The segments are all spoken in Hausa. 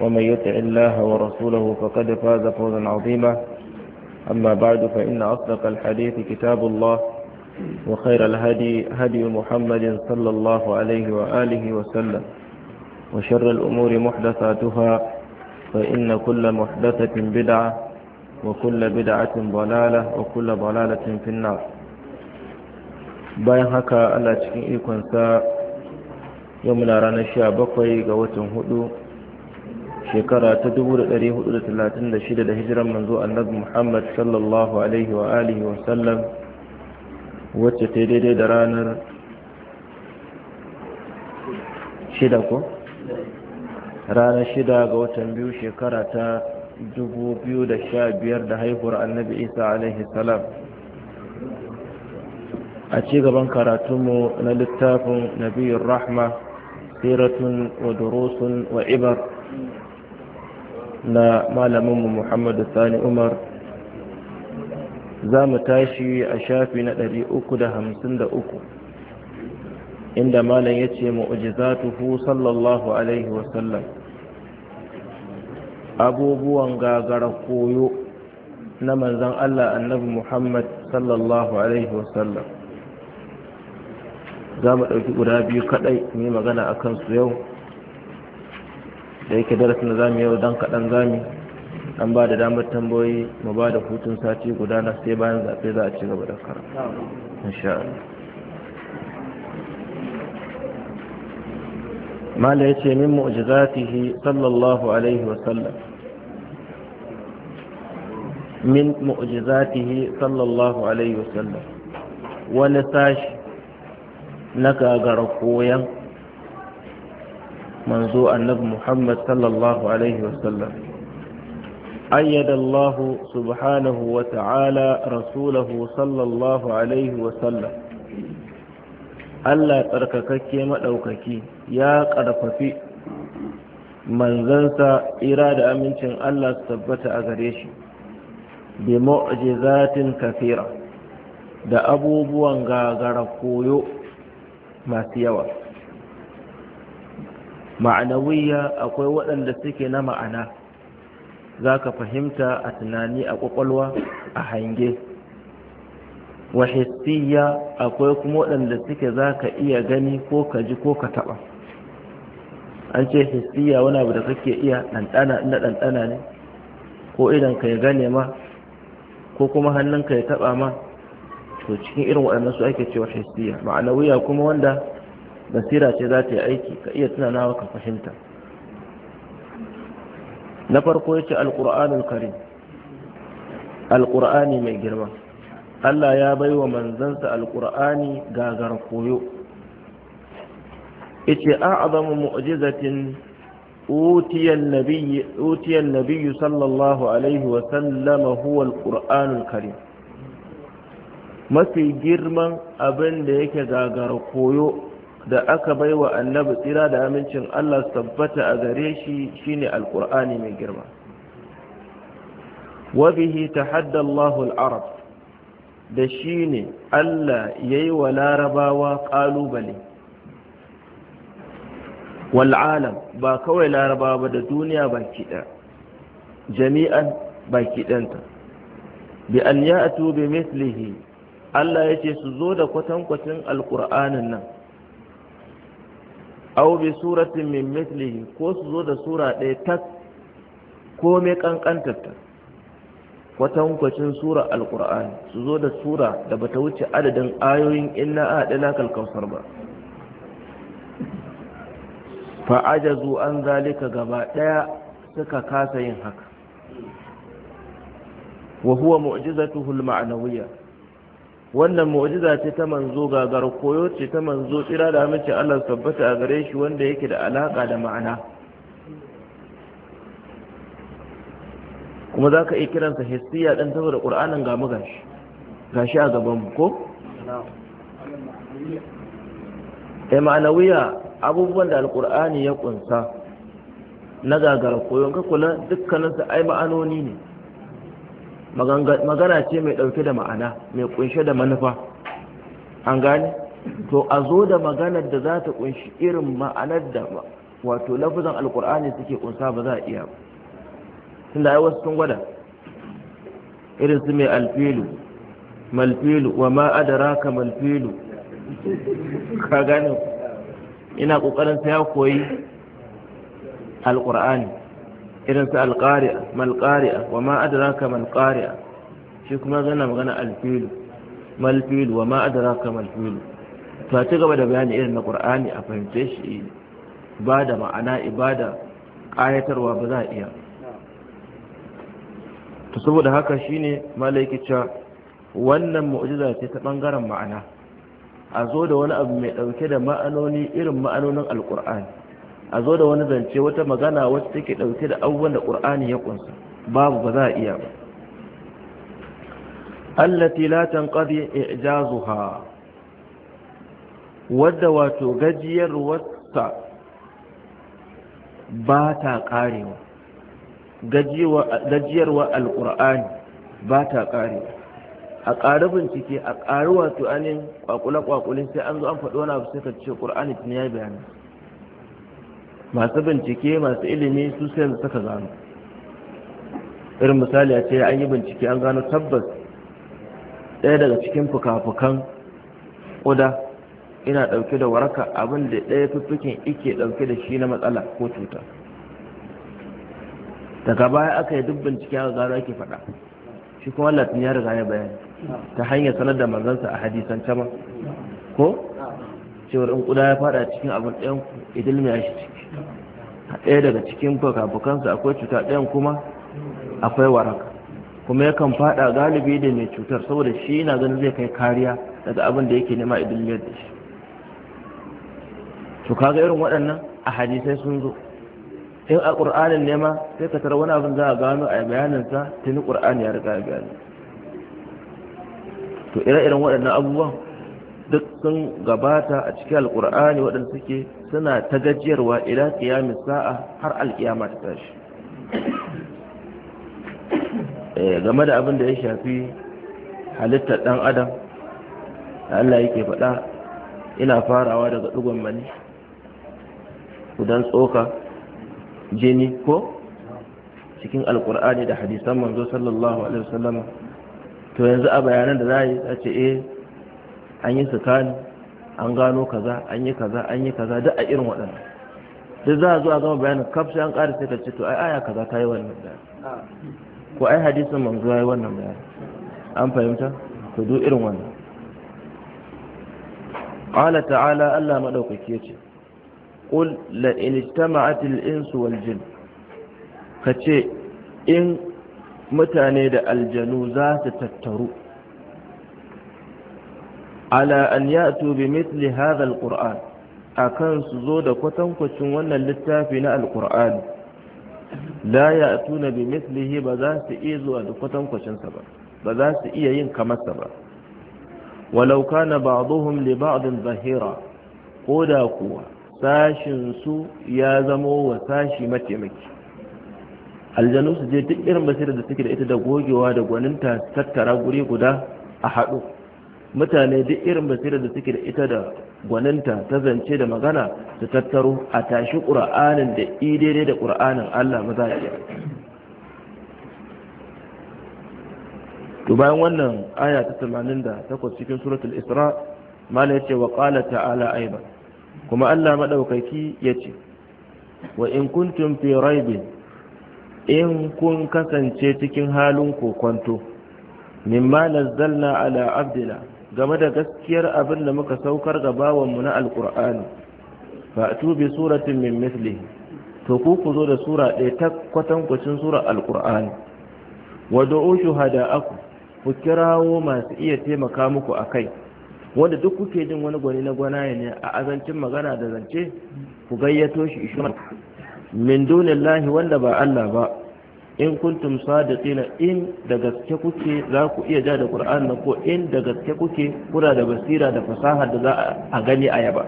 ومن يطع الله ورسوله فقد فاز فوزا عظيما أما بعد فإن أصدق الحديث كتاب الله وخير الهدي هدي محمد صلى الله عليه وآله وسلم وشر الأمور محدثاتها فإن كل محدثة بدعة وكل بدعة ضلالة وكل ضلالة في النار bayan haka Allah cikin ikonsa yau muna ranar sha bakwai ga watan hudu shekara ta 436 da hijiran manzo annabi Muhammad sallallahu alaihi wa alihi wa sallam wacce ta daidai da ranar shida ko ranar shida ga watan biyu shekara ta 2015 da haihuwar annabi Isa alaihi salam a ci gaban karatunmu na littafin nabiyar rahma siratun wa durusun wa ibar na malaminmu muhammadu sani umar za mu tashi a shafi na ɗari inda malam ya ce mu'ujizatuhu sallallahu alaihi wasallam abubuwan gagara koyo na manzan Allah annabi Muhammad sallallahu alaihi wasallam za mu ɗauki guda biyu kaɗai mu yi magana a kansu yau da yake darasin da zamu yau dan kaɗan zami an ba da damar tambayoyi mu ba da hutun sati guda na sai bayan zaɓe za a ci gaba da kara insha mala ya ce min mu'jizatihi sallallahu alaihi wa sallam min mu'jizatihi sallallahu alaihi wa sallam wani sashi na gagara koyan منذ النبي محمد صلى الله عليه وسلم أيد الله سبحانه وتعالى رسوله صلى الله عليه وسلم ألا ترككك مدوكك يا قرففي منزنسا إرادة أمنشن ألا تثبت أغريش بمعجزات كثيرة da abubuwan gagara koyo masu yawa ma'anawiyya akwai waɗanda suke na ma'ana za ka fahimta a tunani a ƙwaƙwalwa a hange wa akwai kuma waɗanda suke za ka iya gani ko ka ji ko ka taɓa an ce hissiya wani abu da kake iya ɗanɗana ina ɗanɗana ne ko idan ka ya gane ma ko kuma hannun ka ya taɓa ma to cikin irin waɗannan su ake cewa hissiya ma'anawiya kuma wanda basira ce za ta yi aiki ka iya tunanawa ka fahimta na farko ya ce alƙur'ani mai girma allah ya bai wa manzansa alƙur'ani gagar koyo ya ce a azamu mu'jizatin utiyan nabiyyu sallallahu alaihi wasallama huwa mafi girman abin da yake gagar koyo da aka baiwa annabi tsira da amincin Allah tabbata a gare shi shine alqur'ani mai girma wa bihi tahadda Allahu al-arab da shine Allah yayi wa larabawa kalubale wal alam ba kawai larabawa ba da duniya baki ɗaya jami'an baki ɗanta bi an ya'tu bi mithlihi Allah yace su zo da kwatankwacin alqur'anin nan aw bi suratin min mithlihi ko su zo da sura ɗaya ta ko mai kankantarta kwatankwacin sura alqur'ani su zo da sura da bata wuce adadin ayoyin inna a'dala kal kausar ba fa ajazu an zalika gaba ɗaya suka kasa yin haka wa huwa mu'jizatuhu al-ma'nawiyya wannan mu'jiza ce ta manzo gagar garkoyo ce ta manzo tsira da mace Allah tabbata a gare shi wanda yake da alaka da ma'ana kuma za ka iya kiransa hissiya ɗin saboda ƙur'anin gamu gashi shi a gabanmu ko? ya eh, ma'anawiya abubuwan da alƙur'ani ya ƙunsa na gagara koyon ka kula dukkaninsa ai ma'anoni ne magana ce mai ɗauke da ma'ana mai kunshe da manufa an gane to a zo da maganar da za ta kunshi irin ma'anar da wato lafazan alkur'ani suke kunsa ba za a iya ba da ai wasu sun gwada irin su mai alfilu malfilu wa ma'adara ka malfilu ka gane ina kokarin sai ya koyi alkur'ani irin su alƙari'a malƙari'a wa ma adraka malƙari'a shi kuma zana magana alfilu malfilu wa ma adraka malfilu to ci gaba da bayani irin na qur'ani a fahimce shi ba da ma'ana ibada ƙayatarwa ba za a iya to saboda haka shine malaikica wannan mu'jiza ce ta bangaren ma'ana a zo da wani abu mai ɗauke da ma'anoni irin ma'anonin alƙur'ani a zo da wani zance wata magana wacce take ɗauke da abubuwan da ƙur'ani ya ƙunsa babu ba za a iya ba allati la tanqadi i'jazuha wadda wato gajiyar wata ba ta ƙarewa gajiyarwa alƙur'ani ba ta karewa a ƙari bincike a ƙari wato anin ƙwaƙule-ƙwaƙule sai an zo an faɗi wani abu sai ka ce ƙur'ani tun ya bayani masu bincike masu ilimi su sai da suka gano irin misali a ce an yi bincike an gano tabbas ɗaya daga cikin fuka-fukan ƙuda ina ɗauke da waraka abin da ɗaya fuffukin ike ɗauke da shi na matsala ko cuta daga baya aka yi duk bincike aka gano ake faɗa shi kuma latin ya riga ya bayani ta hanyar sanar da manzansa a hadisan ko cewar in kuda ya fada cikin abin ɗayan ku idil mai shi ciki ɗaya daga cikin fukafukansa akwai cuta ɗayan kuma akwai waraka kuma yakan fada galibi da mai cutar saboda shi yana ganin zai kai kariya daga abin da yake nema idil mai shi to kaga irin waɗannan a hadisai sun zo in a ƙur'anin nema sai ka tara wani abin za a gano a bayaninsa tuni ƙur'ani ya riga bayani to ire-iren waɗannan abubuwan duk sun gabata a cikin alkur'ani waɗanda suke suna ta gajiyarwa ila kiyamin sa'a har alkiyama ta tashi eh, game da abin da ya shafi halittar ɗan adam da Allah yake faɗa ina farawa daga ɗigon mani kudan tsoka jini ko cikin alkur'ani da hadisan manzo sallallahu alaihi wasallama to yanzu a bayanan da za a yi a ce eh an yi sukani an gano kaza an yi kaza an yi kaza duk a irin waɗannan duk za a zo a gama bayanin kafshi an ƙara sai ka ce to ai aya kaza ta yi wannan bayani ko ai hadisin manzo ya yi wannan bayani an fahimta to duk irin wannan qala ta'ala Allah madaukaki ce. qul la in ijtama'atil insu wal jin kace in mutane da aljanu za su tattaru ala an ya'tu bi mithli hadha alquran akan su zo da kwatankwacin wannan littafi na Alƙur'ani. la ya'tuna bi mithlihi ba za su iya zuwa da kwatankwacin sa ba ba za su iya yin kamar sa ba walau kana ba'dhum li ba'din zahira da kuwa sashin su ya zamo wa sashi mataimaki aljanu su je duk irin basirar da suke da ita da gogewa da gwaninta tattara guri guda a haɗu mutane duk irin basirar da suke da ita da gwaninta ta zance da magana su tattaro a tashi ƙura'anin da idere da ƙura'anin Allah maza ya to bayan wannan aya ta da takwas cikin suratul isra mala ce wa ƙala ta'ala aiba kuma Allah maɗaukaki ya ce. wa in kuntum fi raibin in kun kasance cikin halin kokonto mimma nazzalna ala abdina game da gaskiyar abin da muka saukar ga bawanmu na alkur'ani fa'atu bi suratin min misli to ku ku zo da sura ɗaya ta kwatan kwacin sura alkur'ani wa shuhada shuhada'akum ku kirawo masu iya taimaka muku a kai. wanda duk kuke jin wani gwani na gwana ne a azancin magana da zance ku gayyato shi shi min dunillahi wanda ba Allah ba in kuntum sadiqina in da gaske kuke za ku iya ja da qur'an na ko in da gaske kuke kuna da basira da fasaha da za a gani a yaba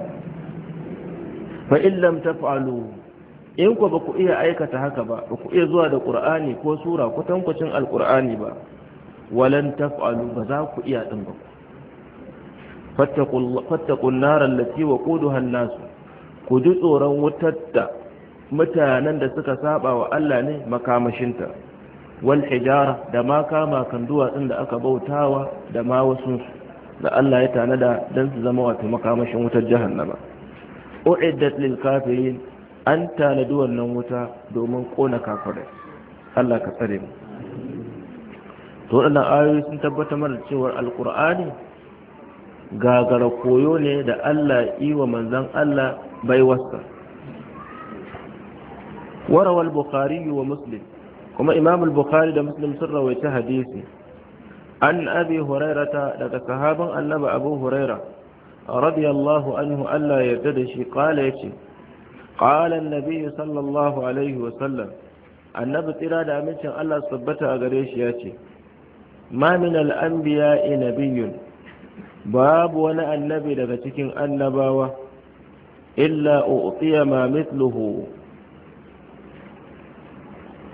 fa in lam taf'alu in ku ba ku iya aikata haka ba ba ku iya zuwa da qur'ani ko sura ko tankwacin alqur'ani ba walan taf'alu ba za ku iya din ba fattaqul fattaqun nar allati waquduha an-nas ku ji tsoron wutar da mutanen da suka saba wa Allah ne makamashinta wal hijara da ma kama kan duwatsun da aka bautawa da ma wasu da Allah ya tanada don su zama wato makamashin wutar jahannama u'iddat lil kafirin an tanadi wannan wuta domin kona kafirai Allah ka tsare mu to waɗannan ayoyi sun tabbatar mana cewa alqur'ani gagara koyo ne da Allah yi wa manzon Allah bai baiwarsa وروى البخاري ومسلم كما إمام البخاري ده مسلم سر ويتهديثي عن أبي هريرة لك صحابا أنما أبو هريرة رضي الله عنه ألا يبتدشي قال يتي قال النبي صلى الله عليه وسلم annabi tsira da amincin Allah su tabbata a gare shi ya ce ma min al'anbiya nabiyyun babu wani annabi daga cikin annabawa illa u'tiya ma mithluhu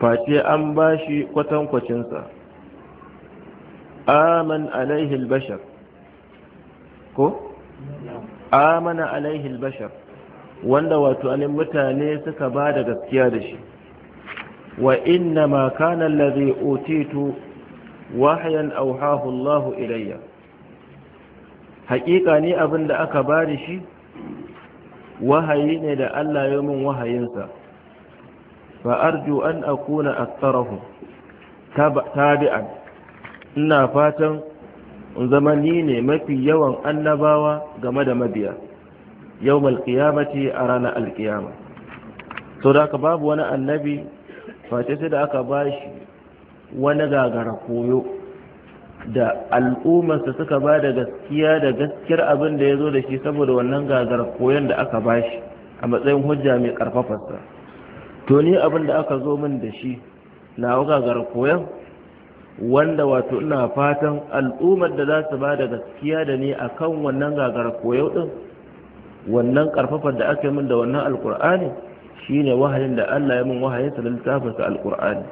face an ba shi kwatankwacinsa aman alaihi albashar ko amana alaihi wanda wato anin mutane suka ba da gaskiya da shi wa inna ma kana allazi Otito, wahyan awhahu ilayya haƙiƙa ne abin da aka ba da shi wahayi ne da Allah ya min wahayinsa فأرجو أن أكون أكثره تابعا إنا فاتا زمنين مفي يوم النباوة غمد مبيا يوم القيامة أرانا القيامة سوداك باب وانا النبي فاتسد أكباش ونغا غاغر da da al'ummarsa suka ba da gaskiya da gaskiyar abin da ya zo da shi saboda wannan gagar koyon da aka bashi a matsayin hujja mai karfafarsa to ni abin da aka zo min da shi na wagagar koyon wanda wato ina fatan al'ummar da za su ba da gaskiya da ni akan wannan gagar koyo din wannan karfafar da aka yi min da wannan alkur'ani shine wahayin da Allah ya min wahayin sa littafin sa alkur'ani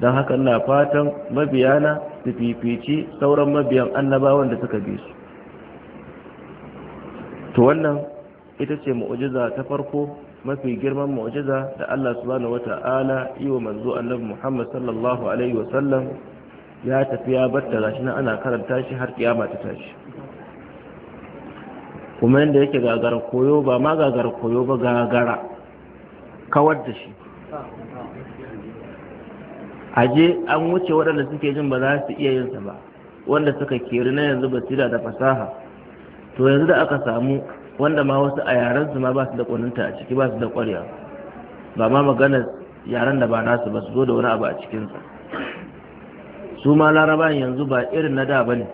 dan haka ina fatan mabiyana su fifici sauran mabiyan annabawan da suka bi su to wannan ita ce mu'jiza ta farko mafi girman mu'jiza da Allah subhanahu wata'ala yi wa manzo annabi Muhammad sallallahu alaihi wa sallam ya tafi ya batta gashi nan ana karanta shi har kiyama ta tashi kuma inda yake gagara koyo ba ma gagara koyo ba gagara kawar da shi aje an wuce waɗanda suke jin ba za su iya yin sa ba wanda suka keri na yanzu basira da fasaha to yanzu da aka samu wanda ma wasu a yarensu ma ba su da kwaninta a ciki ba su da kwarya ba ma magana yaren da ba nasu ba su zo da wani abu a sa su ma laraban yanzu ba irin na da bane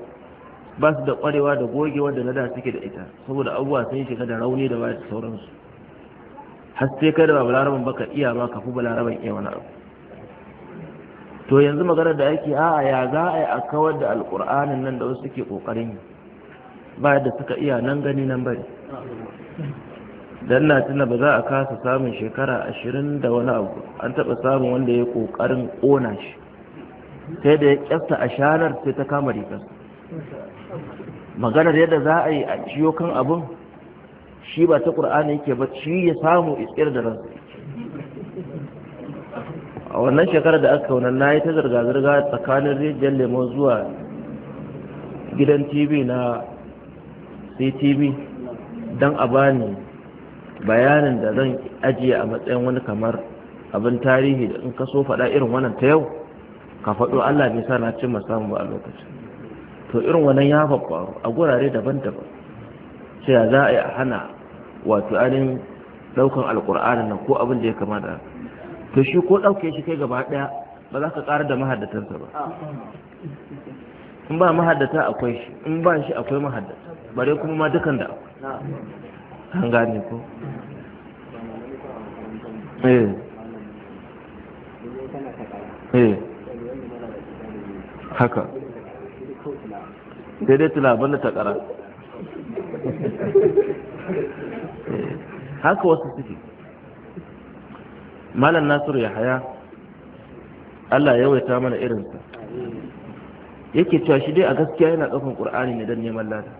ba su da kwarewa da gogewa da na da suke da ita saboda abubuwa sun shiga da rauni da baya da sauransu har sai kai da ba laraban baka iya ba ka fi ba laraban iya wani abu to yanzu maganar da ake a'a ya za a yi a kawar da alƙur'anin nan da wasu suke ƙoƙarin yi ba da suka iya nan gani nan bari dan na tuna ba za a kasa samun shekara ashirin da wani abu an taɓa samun wanda ya kokarin ƙona shi sai da ya ƙyasta a shanar sai ta kama rigar maganar yadda za a yi a ciyo kan abin shi ba ta ƙur'ani yake ba shi ya samu iskir da ransa a wannan shekarar da aka kaunar na yi ta zirga-zirga tsakanin rijiyar lemo zuwa gidan tv na sai tv don a bani bayanin da zan ajiye a matsayin wani kamar abin tarihi da in ka so faɗa irin wannan ta yau ka faɗo allah bai sa na cimma samu ba a lokacin to irin wannan ya faɓaru a gurare daban-daban sai za a yi a hana wato ainihin ɗaukan alƙur'anin nan ko abin da ya kama da to shi ko ɗauke shi kai gaba ɗaya ba za ka ƙara da mahaddatansa ba in ba mahaddata akwai shi in ba shi akwai mahaddata bare kuma ma dukan da an gane ko eh eh haka daidai tulaban da takara eh. haka wasu suke malam nasiru ya haya allah ya ta mana irinsa yake cewa shi dai a gaskiya yana ɗaukan ƙur'ani ne don neman lada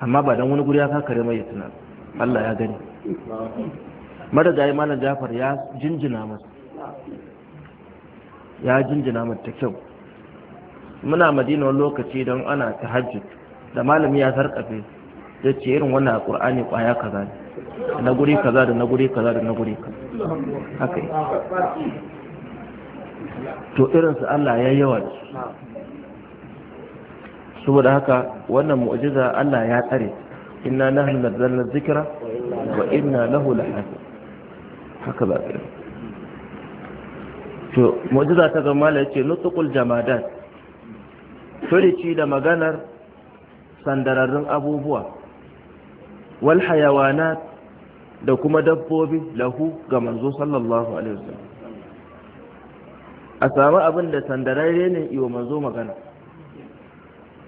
amma ba dan wani guri ya kakare mai tuna Allah ya gani marigayi malam Jafar ya jinjina masa ya jinjina mata kyau muna madina wani lokaci don ana ta hajji da malami ya sarkafe da ce irin wannan alqur'ani kwaya kaza ne na guri kaza da na guri kaza da na guri kaza haka yi. to irinsu Allah ya yawa da su saboda haka wannan mu'jiza Allah ya tsare inna nahnu nazzalna dhikra wa inna lahu lahafiz haka ba ce to mu'jiza ta ga mala yace nutqul jamadat furici da maganar sandararrun abubuwa wal hayawanat da kuma dabbobi lahu ga manzo sallallahu alaihi wasallam a samu abin da sandararre ne iwa manzo magana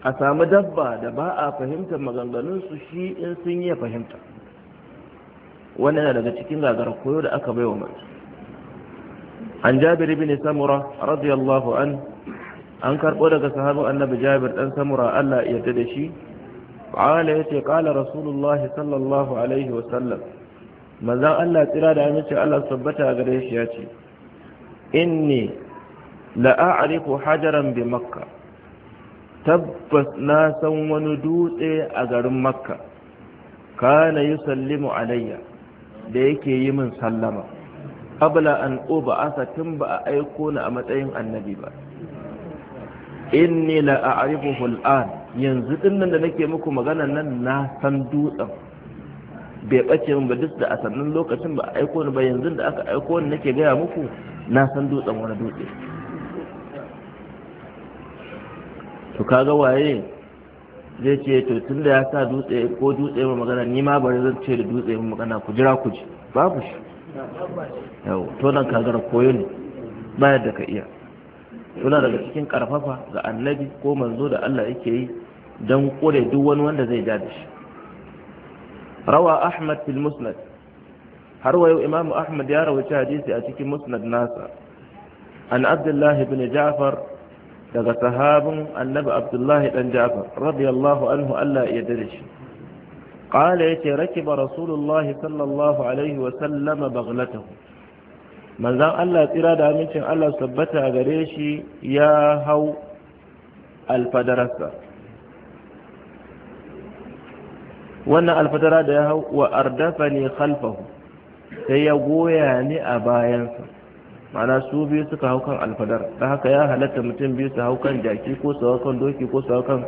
a sami dabba da ba a fahimta maganganunsu shi in sun yi fahimta wannan daga cikin gagara koyo da aka bai wa mace an jabir ibn samura radiyallahu an an karɓo daga sahabin annabi jabir ɗan samura allah ya da shi ƙala ya ce rasulullahi sallallahu alaihi wasallam manzan allah tsira da amince allah tabbata gare shi ya ce inni la'a'arifu hajaran bi makka tabbas na san wani dutse a garin makka kana yi sallimu alayya da yake yi min sallama abla an uba asa tun ba a aiko ni a matsayin annabi ba inni la a'rifuhu al'an yanzu nan da nake muku magana nan na san dutsen bai bace min ba duk da a sannan lokacin ba a aiko ni ba yanzu da aka aiko ni nake gaya muku na san dutsen wani dutse to kaga waye zai ce to tun da ya sa dutse ko dutse mai magana ni ma bari zan ce da dutse mai magana ku jira ku ji babu shi yau to nan kagar koyo ne ba yadda ka iya Suna daga cikin karfafa ga annabi ko manzo da Allah yake yi don kore duk wani wanda zai ja da shi rawa ahmad fil musnad har wayo imam ahmad ya rawaci hadisi a cikin musnad nasa an Abdullahi ibn ja'far daga sahabin annabi abdullahi dan jafar radiyallahu anhu Allah ya dare shi qala yace rakiba rasulullah sallallahu alaihi wa sallama baghlatahu manzon Allah tsira da amincin Allah sabbata a gare shi ya hau alfadarasa wannan alfadara da ya hau wa ardafani khalfahu sai ya goya ni a bayansa ma'ana su biyu suka hau kan alfadar da haka ya halatta mutum biyu su hau kan jaki ko su hau kan doki ko su hau kan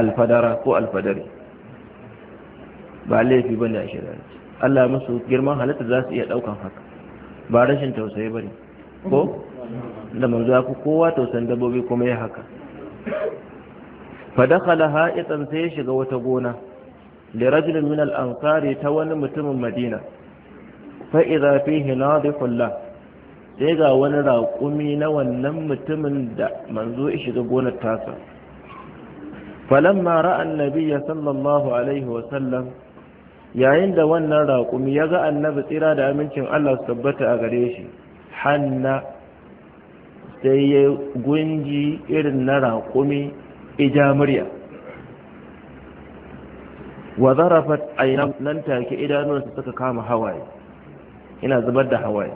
alfadara ko alfadari ba laifi bane a shari'a Allah musu girman halatta za su iya daukan haka ba rashin tausayi bane ko da manzo ku kowa tausan dabbobi kuma ya haka fa dakhala ha'itan sai ya shiga wata gona li rajulin min al-ansari ta wani mutumin Madina fa idza fihi nadifun lahu sai ga wani raƙumi na wannan mutumin da manzo ya shiga gonar tasa falamma ra'an nabiyya sallallahu alaihi wasallam yayin da wannan raƙumi ya ga annabi tsira da amincin Allah su tabbata a gare shi hanna sai ya gunji irin na raƙumi ija murya wa zarafat ainihin nan take idanunsa suka kama hawaye ina zubar da hawaye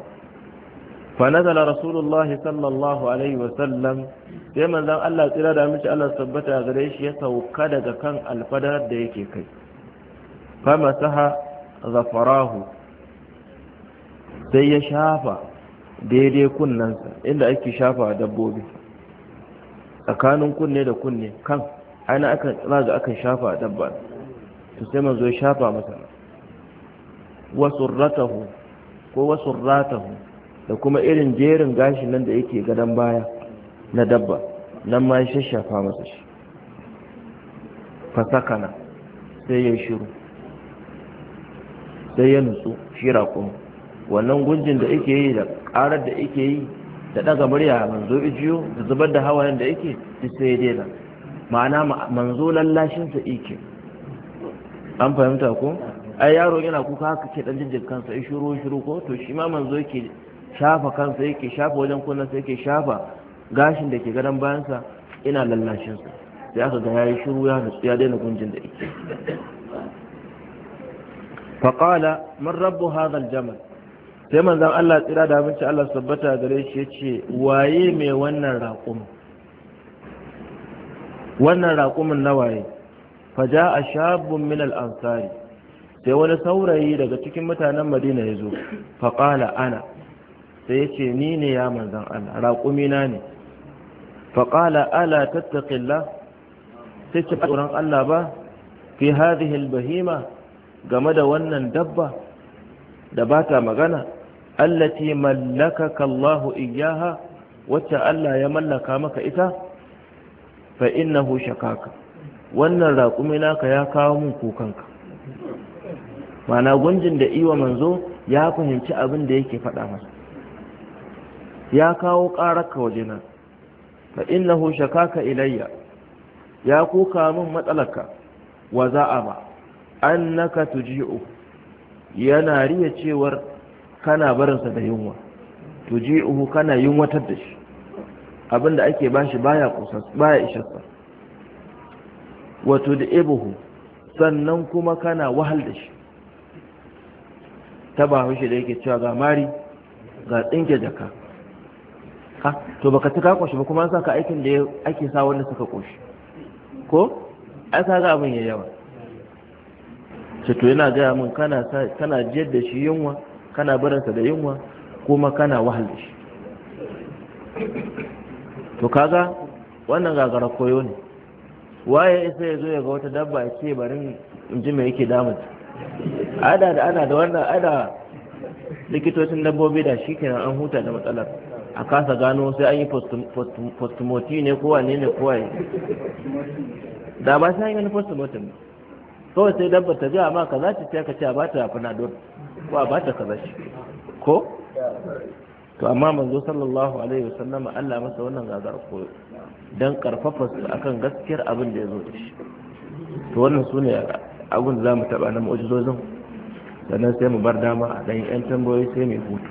فنزل رسول الله صلى الله عليه وسلم sai manzon Allah tsira da miki Allah tabbata gare shi ya sauka daga kan alfadar da yake kai fama saha zafarahu sai ya shafa daidai kunnensa inda ake shafa dabbobi tsakanin kunne da kunne kan ana akan zaga akan shafa dabba to sai shafa ko da kuma irin jerin gashin nan da yake gadon baya na dabba nan ma ya shafa masa shi fasakana sai ya shiru sai ya nutsu shi raƙon wannan gunjin da ake yi da ƙarar da ake yi da ɗaga murya manzo ijiyo da zubar da hawayen da ake duk sai ya daina ma'ana manzo lallashinsa ike an fahimta ko ai yaro yana kuka haka ke ɗan jinjin kansa ya shiru shiru ko to shi ma manzo yake shafa kansa yake shafa wajen kunnansa yake shafa gashin da ke gadon bayansa ina lallashinsa sai aka ga yayi shiru ya nutsu ya daina gunjin da yake faƙala man rabbu hadha aljamal sai manzon Allah tsira da abinci Allah sabbata gare shi yace waye mai wannan raƙumin wannan raƙumin na waye faja a shabun min ansari sai wani saurayi daga cikin mutanen madina ya zo faƙala ana sai ya ce ni ne ya manzan Allah raƙumina ne faƙala ala tattaƙilla sai ce tsoron Allah ba fi hadhihi bahima game da wannan dabba da ba ta magana allati mallakaka Allah iyyaha wacce Allah ya mallaka maka ita fa innahu shakaka wannan raƙumina ka ya kawo min kukanka mana gunjin da iwa manzo ya fahimci abin da yake faɗa masa ya kawo ƙararka wajena fa innahu shakaka ilayya ya kuka min matsalarka wa ba. annaka tuji'u yana riya cewar kana barinsa da yunwa tuji'uhu kana yunwatar da shi abinda ake bashi baya kusas baya isharsa wa tud'ibuhu sannan kuma kana wahal da shi ta ba da yake cewa ga mari ga tsinke jaka ha to baka ci ka koshi ba kuma an saka aikin da ake sa wanda suka koshi ko ai ka ga abin ya yawa ce to yana gaya mun kana kana jiyar da shi yunwa kana sa da yunwa kuma kana wahal da shi to kaga wannan gagara koyo ne waye sai ya zo ya ga wata dabba ya ce barin in ji me yake damun ada da ana da wannan ada likitocin dabbobi da shi kenan an huta da matsalar a kasa gano sai an yi postmoti ne kowa ne ne ko wane da ba sai an yi wani postmotin kawai sai dabba ta zuwa ma ta ce ka ce ba ta fanadol ko ba ta kaza shi ko to amma manzo sallallahu alaihi wasallam Allah masa wannan gagar koyo dan karfafa su akan gaskiyar abin da yazo da shi to wannan sune abin da zamu taba na mu'jizozin sannan sai mu bar dama a dan yan tambayoyi sai mai hutu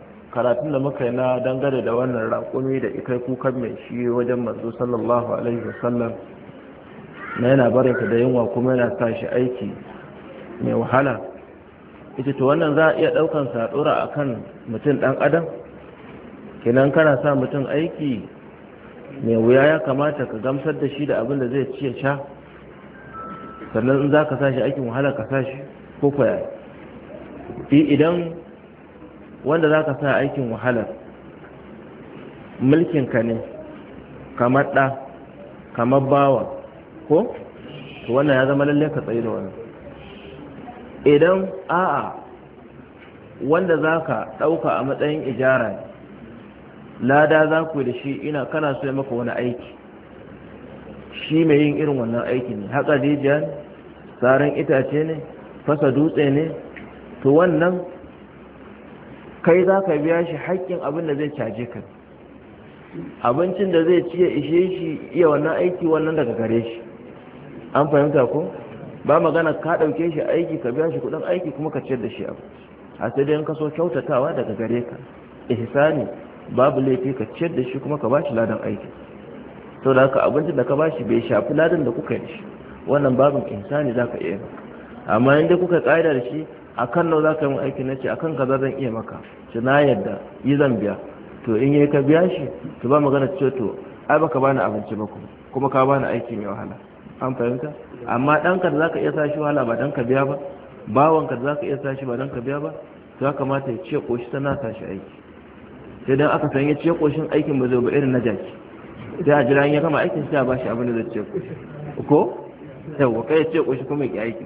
karatun da muka yi na dangane da wannan rakumi da ita kukan mai shi wajen manzo sallallahu alaihi wasallam na yana baraka da yunwa kuma yana sa shi aiki mai wahala ita to wannan za a iya ɗaukan sa a kan mutum ɗan adam kenan kana sa mutum aiki mai wuya ya kamata ka gamsar da shi da abin da zai ci ya sha sannan in za ka sa shi aikin wahala ka sa shi ko kwaya idan wanda za ka sa aikin wahalar mulkinka ne kamar ɗa kamar bawa ko to wannan ya zama lalle ka tsaye da wannan idan a'a wanda za ka ɗauka a matsayin ijara ne lada za ku da shi ina kana so ya maka wani aiki shi mai yin irin wannan aiki ne haka jijiya ne tsarin itace ne fasa dutse ne to wannan kai za ka biya shi haƙƙin abin da zai caje ka abincin da zai ci ya ishe shi iya wannan aiki wannan daga gare shi an fahimta ko ba magana ka ɗauke shi aiki ka biya shi kuɗin aiki kuma ka ciyar da shi abu a sai dai ka so kyautatawa daga gare ka ihsani babu laifi ka ciyar da shi kuma ka bashi ladan aiki sau da haka abincin da ka bashi bai shafi ladan da kuka yi shi wannan babin ihsani za ka iya amma inda kuka ƙa'ida da shi a kan nau za ka yi aiki na ce a kan kaza zan iya maka ce na yadda yi zan biya to in yi ka biya shi to ba magana ce to ai baka bani abinci ba kuma ka bani aiki mai wahala an fahimta amma dan da za ka iya sashi wahala ba dan ka biya ba bawanka da za ka iya sashi ba dan ka biya ba to ya kamata ya ce koshi sana sashi aiki sai dan aka san ya ce koshin aikin ba zai ba irin na jaki sai a jira in ya gama aikin sai a bashi abin da zai ce koshi ko yawa kai ya ce koshi kuma ya ki aiki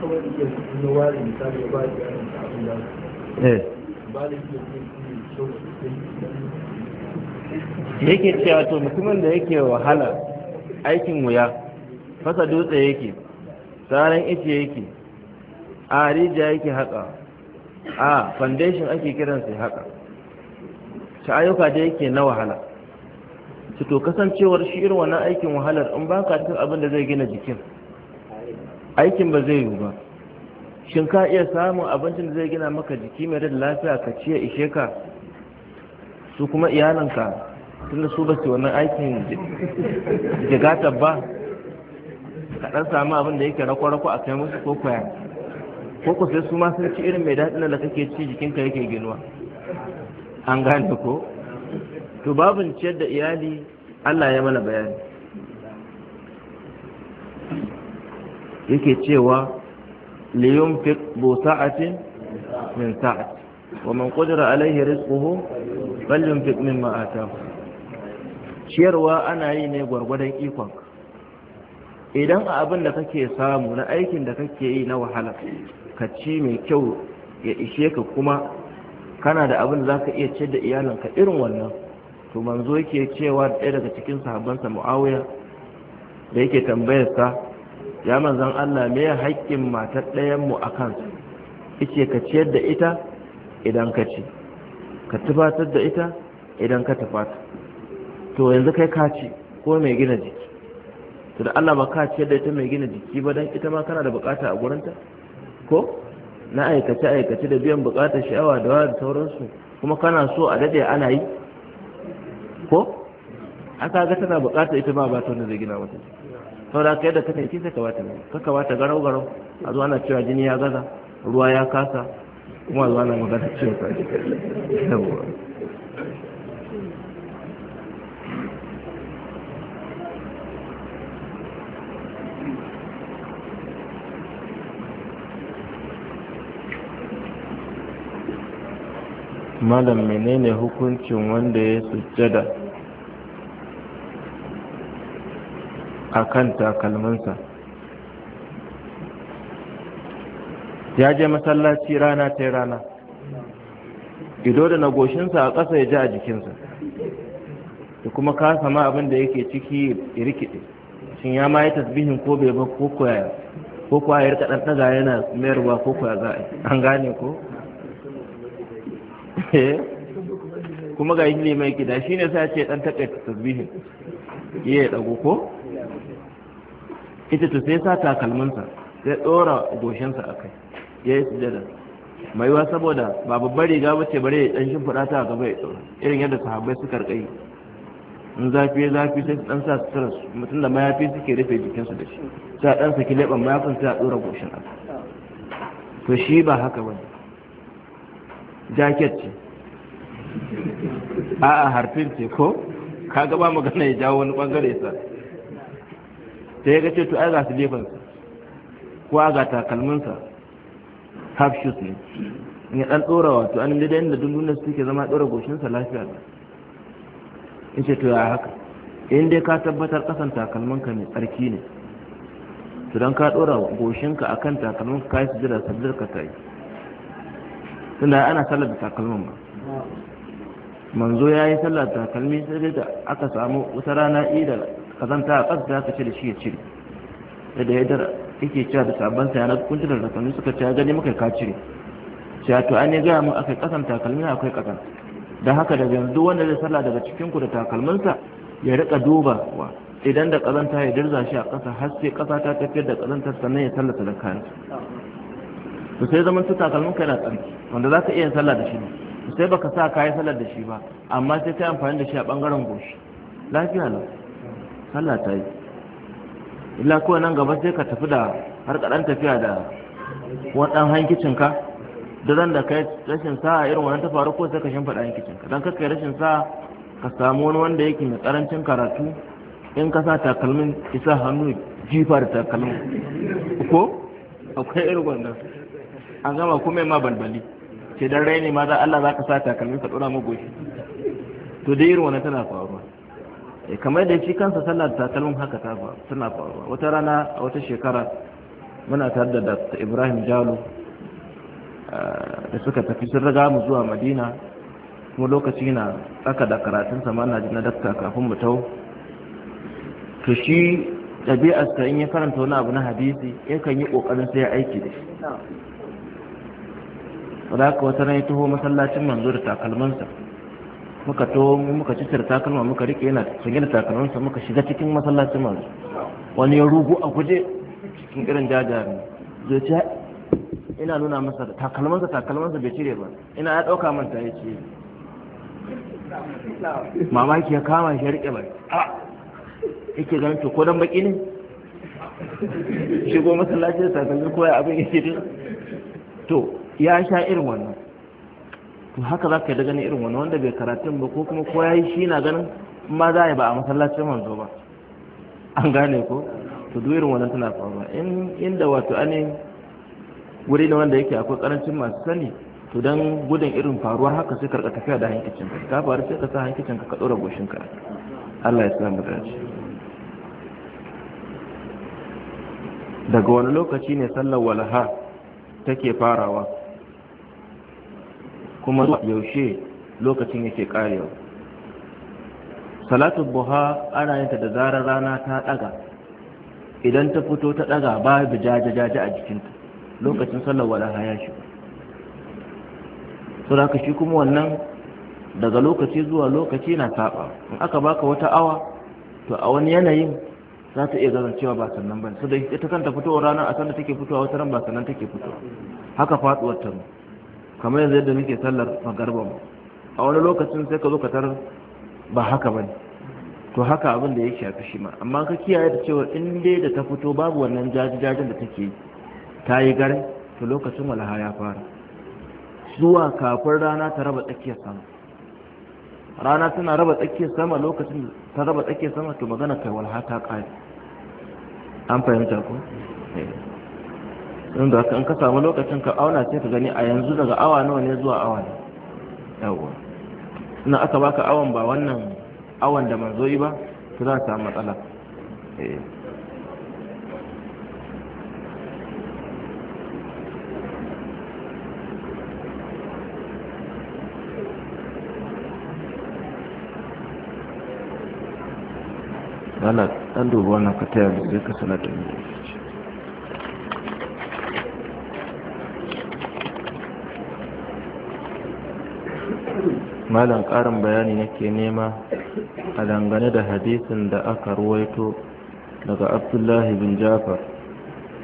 iya na ware misali ya ba da ta abin da eh. ba da iya yake cewa to mutumin da yake wahala aikin wuya fasa dutse yake tsarin ice yake a rijiya yake haka a foundation ake kiransa haka sha'ayuka da yake na wahala to kasancewar shi irin wannan aikin wahalar in ka duk abin da zai gina jikin aikin ba zai yiwu ba shin ka iya samun abincin da zai gina maka jiki mai rada lafiya ka ciye ishe ka su kuma iyalanka tunda su ba su wannan aikin jigatar ba ka ɗan samu abin da yake rako-rako a kai musu ko kwaya ko ku sai su ma sun ci irin mai daɗin da kake ci jikinka yake ginuwa an gane ko to babin ciyar da iyali Allah ya mana bayani yake cewa liyunfiq fi sa'atin min sa'at wa man qadara alayhi rizquhu falyunfiq mimma ataahu ciyarwa ana yi ne gwargwadon ikon idan a abin da kake samu na aikin da kake yi na wahala ka ci mai kyau ya ishe ka kuma kana da abin da zaka iya ciyar da iyalinka irin wannan to manzo yake cewa ɗaya daga cikin sa muawiya da yake tambayar sa ya manzan Allah me haƙƙin matar ɗayan mu akan yace ka ciyar da ita idan ka ci ka tufatar da ita idan ka tufata to yanzu kai ka ci ko mai gina jiki to da Allah ba ka ciyar da ita mai gina jiki ba dan ita ma kana da bukata a gurinta ko na aikace aikace da biyan bukatar sha'awa da wani sauransu kuma kana so a dade ana yi ko aka ga tana bukatar ita ba ba ta wanda zai gina mata jiki saboda ka da ta tafi sai ka wata ka ka wata garau garau a zuwa ana cewa jini ya gaza ruwa ya kasa kuma zuwa ana magana cewa ka malam menene hukuncin wanda ya sujjada a kan takalminsa ya je masallaci rana ta rana ido da nagoshinsa a ƙasa ya ji a jikinsa da kuma kasa ma abin da yake ciki ya rikide shin ya ma yi tasbihin ko bai ba ko kwaya ko kwayar kaɗan ɗaga yana mayarwa ko kwaya za a an gane ko eh. kuma ga yi mai gida shi ne sa ce ɗan taƙaita tasbihin iya ya ɗago ko ita to sai sa takalminsa sai ɗora goshinsa a kai ya yi sujada mai wa saboda ba babbar riga ba ce bare ya ɗan shimfiɗa ta a gaba ya ɗora irin yadda sahabbai suka rƙai in zafi ya zafi sai su ɗan sa sutura su mutum da mayafi suke rufe jikinsu da shi sai a ɗan saki leɓen mayafin sai a ɗora goshin a to shi ba haka ba jaket ce a'a harfin ce ko ka gaba magana ya jawo wani bangare sa sai ya ce to ai ga silifan ko ga takalminsa half shoes ne in ya dan dora wato an da inda su suke zama dora goshinsa lafiya in ce to ya haka in dai ka tabbatar kasan takalminka mai tsarki ne to dan ka dora goshinka akan takalminka kai su jira sabdar ka tai tunda ana sallar da takalmin ba manzo ya yi sallar takalmi sai da aka samu wata rana idar kazanta a ƙasa ya ce da shi ya cire da da yadda yake cewa da sabon sa yana kun da takalmi suka ce gani muka ka cire sai to an ga mu akai ƙasan takalmi akwai ƙasan Da haka daga yanzu wanda zai sallah daga cikin ku da takalminsa ya rika duba wa idan da kazanta ya dirza shi a ƙasa har sai ƙasa ta tafiyar da kazantar sannan ya sallata da kayan su sai zaman su takalmin kai na tsarki wanda za ka iya sallah da shi sai baka sa kayan sallar da shi ba amma sai ka amfani da shi a bangaren goshi lafiya lau sallah ta yi illa kuwa nan gaba sai ka tafi da har kaɗan tafiya da waɗan hankicinka duran da kai rashin sa'a irin wannan ta faru ko sai ka hankicin hankicinka don kakai rashin sa'a ka samu wani wanda yake mai ƙarancin karatu in ka sa takalmin isa hannu jifa da takalmin ko akwai irin wannan an gama kuma ma balbali ce dan raini ma za Allah za ka sa takalmin ka mu goshi to dai irin wannan tana faru Eh, kamar da shi kansa sallar takalmin haka ta suna faruwa wata rana a wata shekara muna tare da dr ibrahim jalo eh, da suka tafi sun raga mu zuwa madina kuma lokaci na tsaka da karatun sama na na dakta kafin mu tau to shi ka in ya karanta wani abu na hadisi kan yi ƙoƙarin sai ya aiki da shi wadda wata na ya taho masallacin manzo da takalmansa muka to muka ci takalma muka rike yana sanye da takalmansa muka shiga cikin masallacin masu wani ya rugu a guje cikin irin jajayen zai ce ina nuna masa takalmansa takalmansa bai cire ba ina ya ɗauka manta ya ce mamaki ya kama shi ya rike ba A! yake ganin to ko dan baki ne shigo masallaci da takalmi ko ya abin yake to ya sha irin wannan to haka za ka yi da ganin irin wani wanda bai karatun ba ko kuma ko ya yi shi na ganin ma za a yi ba a masallacin manzo ba an gane ko to duk irin wannan tana faruwa in inda wato ane wuri ne wanda yake akwai karancin masu sani to dan gudun irin faruwar haka sai karka tafiya da hankicin ka ka faru sai ka sa hankicin ka ka dora goshin ka Allah ya samu dace daga wani lokaci ne sallar walaha take farawa kuma yaushe lokacin yake karewa salatu buha ana yin ta da zarar rana ta daga idan ta fito ta daga babu jaje-jaje a jikinta lokacin sallar wala ya shigo so da shi kuma wannan daga lokaci zuwa lokaci na saba in aka baka wata awa to a wani yanayin za ta iya cewa ba sannan ba su da ita kanta fitowar ranar a sanda take fitowa wata ran ba sannan take fitowa haka faduwar ta kamar yanzu yadda muke sallar magarba a wani lokacin sai ka zo ka ba haka ba ne to haka abin da ya shafi shi ma amma ka kiyaye da cewa in dai da ta fito babu wannan jaji da take yi ta yi gare to lokacin walaha ya fara zuwa kafin rana ta raba tsakiyar sama rana tana raba tsakiyar sama lokacin da ta raba tsakiyar sama to magana kai walaha ta ƙare an fahimta ko eh. don da in ka samu lokacin ka auna sai ka gani a yanzu daga awa nawa ne zuwa awa ne yawa ina aka baka awan ba wannan awan da manzo yi ba to za ta samu matsala eh. Allah ɗan dubu wannan ka tayar da zai ka sanar da mu malam ƙarin bayani nake nema a dangane da hadisin da aka ruwaito daga abdullahi bin jafar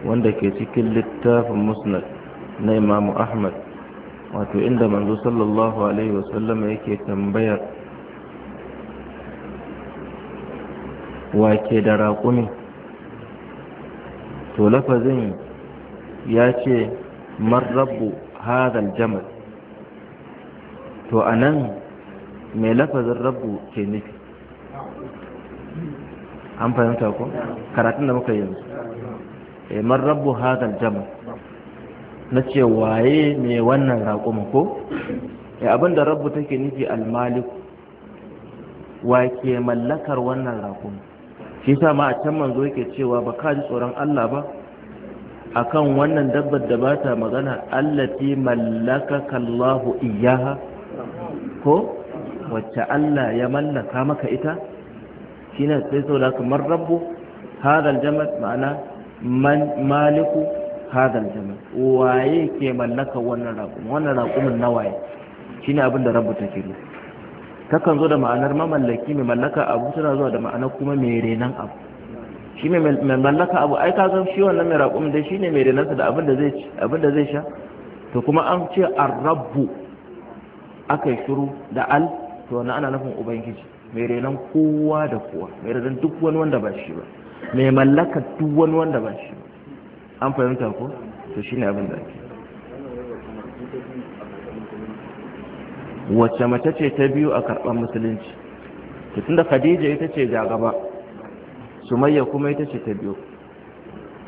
wanda ke cikin littafin musnad na imamu ahmad wato inda manzo sallallahu alaihi wasallam yake tambayar wake da raƙumi to lafazin ya ce marrabu hadal jamal to a nan mai lafazin rabu ke nufi an fahimta ko karatun da muka yanzu eh, man rabu hadal jama na ce waye mai wannan raƙuma ko E abin da rabu take nufi almalik wa ke mallakar wannan raƙuma shi sa ma a can manzo yake cewa ba ka ji tsoron Allah ba akan wannan dabbar da ba ta magana allati mallaka kallahu iyyaha ko wacce Allah ya mallaka maka ita shine sai so da kamar rabbu hadal jamal ma'ana man maliku hadal jamal waye ke mallaka wannan raƙumin wannan raƙumin na waye shine abin da rabbu take nufi takan zo da ma'anar mamallaki mai mallaka abu tana zuwa da ma'anar kuma mai renan abu shi mai mallaka abu ai kaga shi wannan mai raƙumin dai shine mai renansa da abin da zai ci abin da zai sha to kuma an ce Rabbu. aka yi shiru da al to wannan ana nufin ubangiji mai renon kowa da kowa mai renon duk wani wanda ba shi ba mai mallaka duk wani wanda ba shi ba an fahimta ko to shi ne abin da ake wacce mace ce ta biyu a karɓar musulunci to tunda khadija ita ce ga gaba sumayya kuma ita ce ta biyu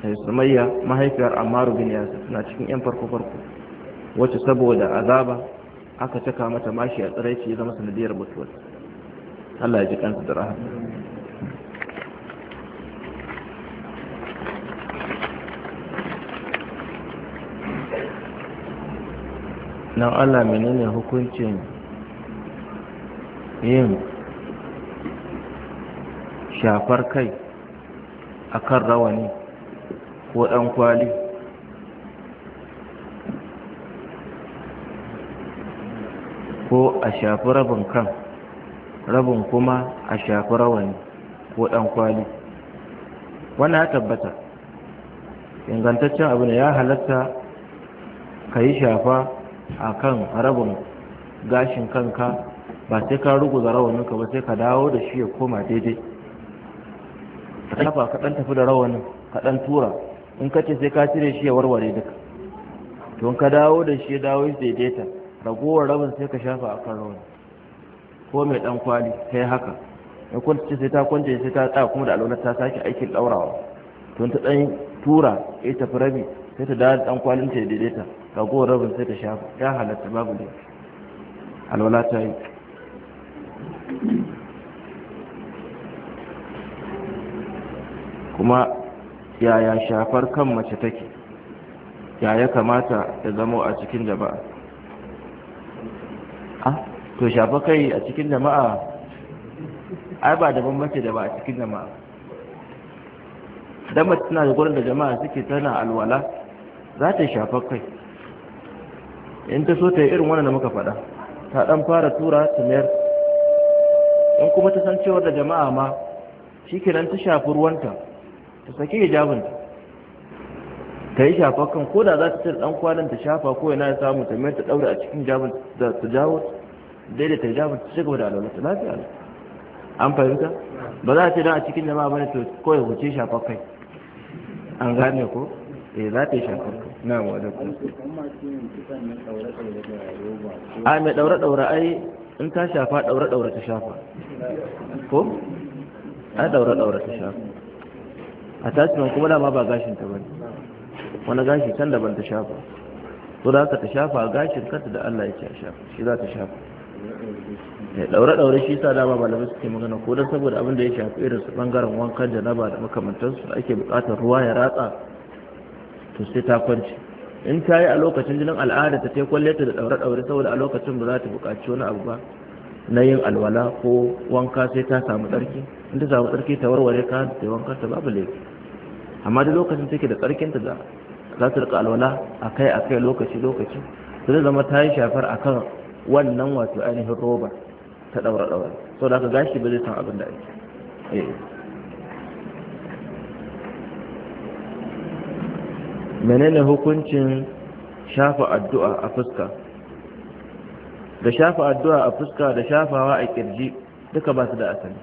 sai eh, sumayya mahaifiyar ammaru bin yasir suna cikin yan farko farko wacce saboda azaba aka caka mata mashi a shi ya zama sanadiyar mutuwar Allah ya ji kansa da rahama nan Allah menene hukuncin yin shafar kai akan rawani ko ɗan kwali ko a shafi rabin kan rabin kuma a shafi rawani ko ɗan kwali wannan ya tabbata ingantaccen abu ne ya halatta ka yi shafa a kan rabin gashin kanka ba sai ka rawanin rawaninka ba sai ka dawo da shi ya koma daidai shafa kaɗan tafi da rawanin kaɗan tura in ka ce sai ka cire shi ya warware duka don ka dawo da shi ya dawo daidaita ragowar rabin sai ka shafa a kan rauni ko mai dan kwali sai haka ya kwanci sai ta kwance sai ta tsaya kuma da alaunar ta sake aikin daurawa to ta dan tura ya tafi rabi sai ta dawo dan kwalin ta daidaita ragowar rabin sai ta shafa ya halatta babu ne alwala ta yi kuma yaya shafar kan mace take ya ya kamata ya zama a cikin jama'a to shafa kai a cikin jama'a ai ba da bambanci da ba a cikin jama'a dan mace tana da gurin da jama'a suke tana alwala za ta shafa kai in ta so ta yi irin wannan da muka faɗa ta dan fara tura ta mayar in kuma ta san cewar da jama'a ma shikenan ta shafi ruwanta ta saki hijabin ta yi shafa kan ko da za ta cire dan kwanan ta shafa ko yana samu ta mayar ta daura a cikin hijabin da ta jawo daidaita hijabin ta shiga da alwalata lafiya ne an fahimta ba za a ce don a cikin jama'a bane to kawai huce shafa kai an gane ko eh za ta yi shafa kai na wa da kuma a mai daura daura ai in ta shafa daura daura ta shafa ko a daura daura ta shafa a tasirin kuma dama ba gashin ta bane wani gashi can daban ta shafa to da haka ta shafa gashin kanta da Allah ya ce a shafa shi za ta shafa Eh, daure-daure shi sa dama malamai suke magana ko don saboda abin da ya shafi irin su bangaren wankan janaba da makamantansu da ake bukatar ruwa ya ratsa to sai ta kwance in ta yi a lokacin jinin al'ada ta kwalle ta da daura daura saboda a lokacin ba za ta bukaci wani abu ba na yin alwala ko wanka sai ta samu tsarki in ta samu tsarki ta warware ka da wanka ta babu laifi amma da lokacin take da tsarkinta da za ta rika alwala akai-akai lokaci-lokaci sai zama ta yi shafar akan wannan wato ainihin roba ta daura daura so da ka gashi ba zai san abin da ake eh. menene hukuncin shafa addu'a a fuska da shafa addu'a a fuska da shafawa a kirji duka ba su da asali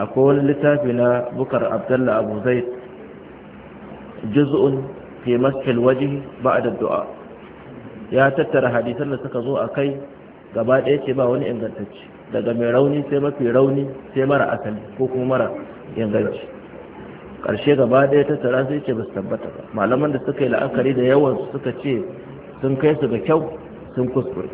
akwai wani littafi na bukar abdullah abu zaid juz'un fi maskil waje ba da du'a ya tattara hadisan da suka zo a kai gaba ɗaya ce ba wani ingantacci, daga mai rauni sai mafi rauni sai mara asali ko kuma mara inganci ƙarshe gaba ɗaya tattara sai ce ba su tabbata ba malaman da suka yi la'akari da yawan suka ce sun kai su ga kyau sun kuskure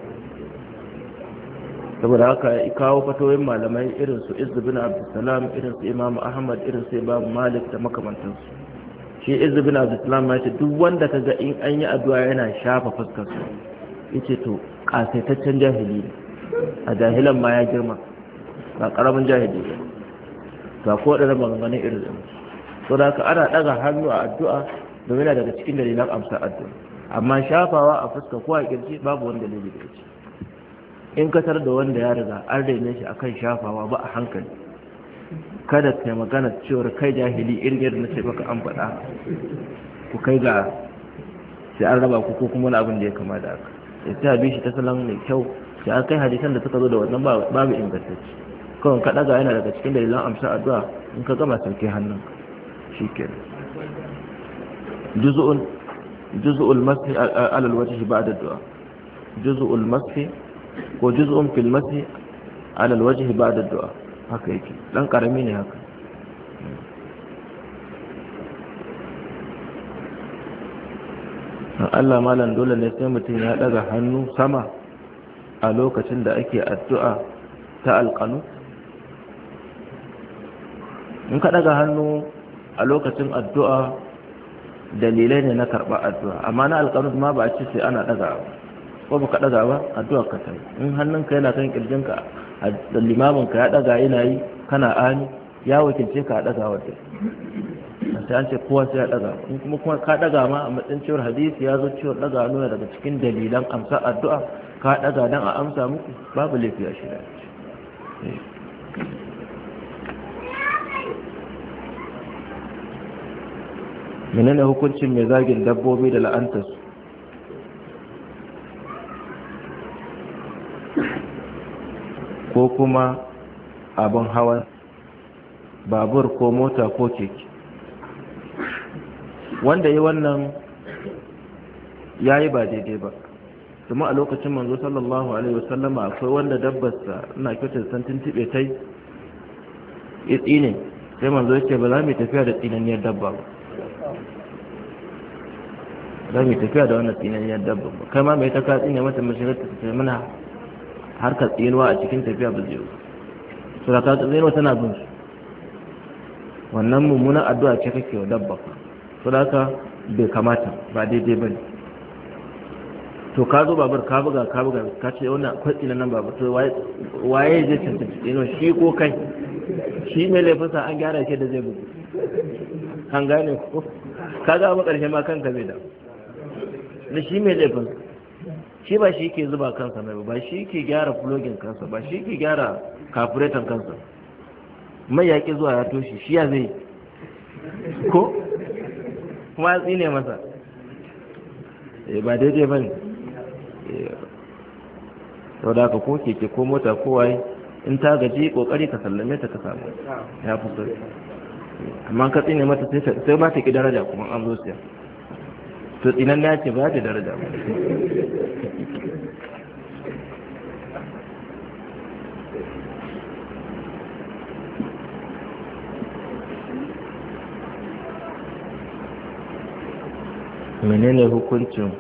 saboda haka ya kawo fatoyin malamai irin su bin abdulsalam irin su ahmad irin imamu malik da makamantansu shi izu bin abdullam ya ce duk wanda ka ga in an yi addu'a yana shafa fuskar su ce to kasaitaccen jahili ne a jahilan ma ya girma ba karamin jahili ba ko da ganganin irin zama so da ka ana daga hannu a addu'a domin daga cikin dalilan amsa addu'a amma shafawa a fuska ko a kirji babu wanda dalili da in ka tar da wanda ya riga an rene shi akan shafawa ba a hankali kada ta magana cewar kai jahili irin yadda na ce maka an faɗa ku kai ga sai an raba ku ko kuma wani abin da ya kama da aka, ya bi shi ta salon mai kyau sai an kai hadisan da suka zo da wannan babu ingantacci kawai ka ɗaga yana daga cikin dalilan amsa addu'a in ka gama sauke hannun shi ke juz'ul masfi alal wajhi ba'da du'a juz'ul masfi ko juz'un fil masfi alal wajhi ba'da du'a haka yake dan karami ne haka dan Allah malam dole ne sai mutum ya daga hannu sama a lokacin da ake addu'a ta alqanu in ka daga hannu a lokacin addu'a dalilai ne na karɓar addu'a amma na alƙanut ma ba a ce sai ana ɗaga ba ko ba ka ɗaga ba addu'a ka ta in hannunka yana kan ƙirjinka limamin ka ya daga yana yi kana ani ya wakilce ka daga wata sai an ce kowa sai ya daga kuma kuma ka daga ma a matsayin cewar hadisi ya zo cewar daga nuna daga cikin dalilan amsa addu'a ka daga dan a amsa muku babu laifi a shirya eh. menene hukuncin mai zagin dabbobi da la'antarsu kuma abin hawa babur ko mota ko keke wanda yi wannan ya yi ba daidai ba kuma a lokacin manzo sallallahu alaihi wasallama akwai wanda dabbarsa ina kyautar santin tibe ta yi tsine sai manzo ya ce ba za mu tafiya da tsinaniyar dabba ba za mu tafiya da wannan tsinaniyar dabba ba kai ma mai ta ka tsine mata mashi ta mana harkar tsinuwa a cikin tafiya ba zai ta tsinuwa tana bin su wannan mummunan addu'a ce kake wa dabba aka bai kamata ba daidai ba ne to ka zo babur ka buga ka buga ka ce wannan akwai tsinan nan babur to waye zai cancanci tsinuwa shi ko kai shi mai laifinsa an gyara shi da zai bugu an gane ko ka ga abu ƙarshe ma kanka zai da shi mai laifin shi ba shi ke zuba kansa mai ba shi ke gyara flogin kansa ba shi ke gyara kafuretan kansa mai yaƙi zuwa ya toshe shi ya zai ko kuma ya tsine masa eh, ba daidai ba ne eh, sau da aka ko keke ko mota ko waye in ta gaji kokari ka sallame ta ka samu ya fi eh, amma ka tsine mata sai ba ta ki daraja kuma an zo siya to tsinan na ce ba da daraja menene hukuncin